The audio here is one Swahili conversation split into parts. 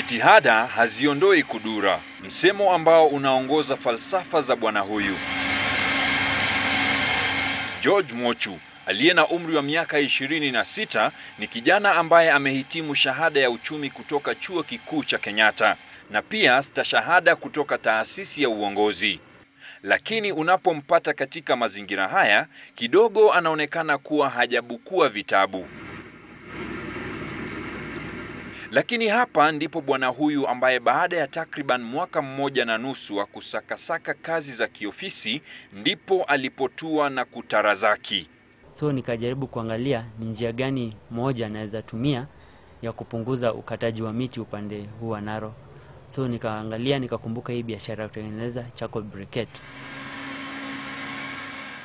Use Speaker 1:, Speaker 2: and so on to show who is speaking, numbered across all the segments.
Speaker 1: Jitihada haziondoi kudura, msemo ambao unaongoza falsafa za bwana huyu George Mochu aliye na umri wa miaka ishirini na sita ni kijana ambaye amehitimu shahada ya uchumi kutoka chuo kikuu cha Kenyatta na pia stashahada kutoka taasisi ya uongozi. Lakini unapompata katika mazingira haya, kidogo anaonekana kuwa hajabukua vitabu. Lakini hapa ndipo bwana huyu ambaye baada ya takriban mwaka mmoja na nusu wa kusakasaka kazi za kiofisi ndipo alipotua na kutarazaki.
Speaker 2: So nikajaribu kuangalia ni njia gani moja naweza tumia ya kupunguza ukataji wa miti upande huu wa Naro. So nikaangalia nikakumbuka hii biashara ya kutengeneza charcoal briquette.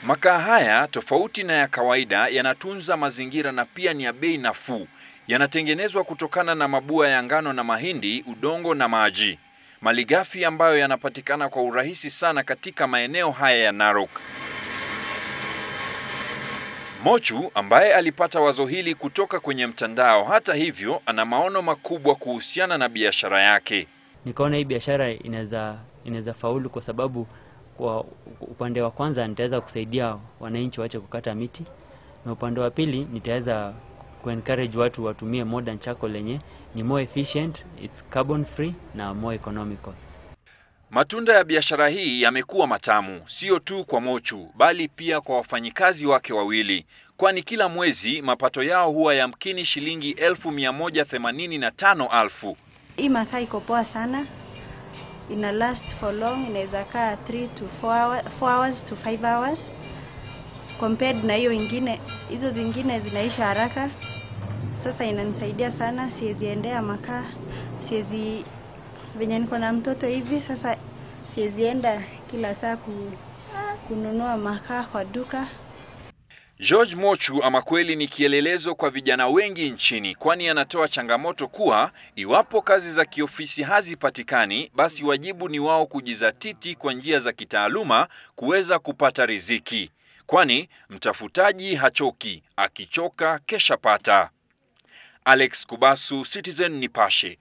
Speaker 1: Makaa haya tofauti na ya kawaida yanatunza mazingira na pia ni ya bei nafuu yanatengenezwa kutokana na mabua ya ngano na mahindi, udongo na maji, malighafi ambayo yanapatikana kwa urahisi sana katika maeneo haya ya Narok. Mochu ambaye alipata wazo hili kutoka kwenye mtandao, hata hivyo, ana maono makubwa kuhusiana na biashara yake.
Speaker 2: Nikaona hii biashara inaweza inaweza faulu kwa sababu kwa upande wa kwanza nitaweza kusaidia wananchi waache kukata miti na upande wa pili nitaweza kuencourage watu watumie modern charcoal lenye ni more efficient, it's carbon free na more economical.
Speaker 1: Matunda ya biashara hii yamekuwa matamu sio tu kwa Mochu bali pia kwa wafanyikazi wake wawili, kwani kila mwezi mapato yao huwa yamkini shilingi elfu mia moja themanini na tano alfu.
Speaker 3: Hii makaa iko poa sana, ina last for long, inaweza kaa 3 to 4 hours to 5 hours compared na hiyo ingine. Hizo zingine zinaisha haraka sasa inanisaidia sana, siwezi endea makaa, siwezi venye niko na mtoto hivi sasa, siwezi enda kila saa kununua makaa kwa duka.
Speaker 1: George Mochu ama kweli ni kielelezo kwa vijana wengi nchini, kwani anatoa changamoto kuwa iwapo kazi za kiofisi hazipatikani, basi wajibu ni wao kujizatiti kwa njia za kitaaluma kuweza kupata riziki, kwani mtafutaji hachoki, akichoka kesha pata. Alex Kubasu, Citizen Nipashe.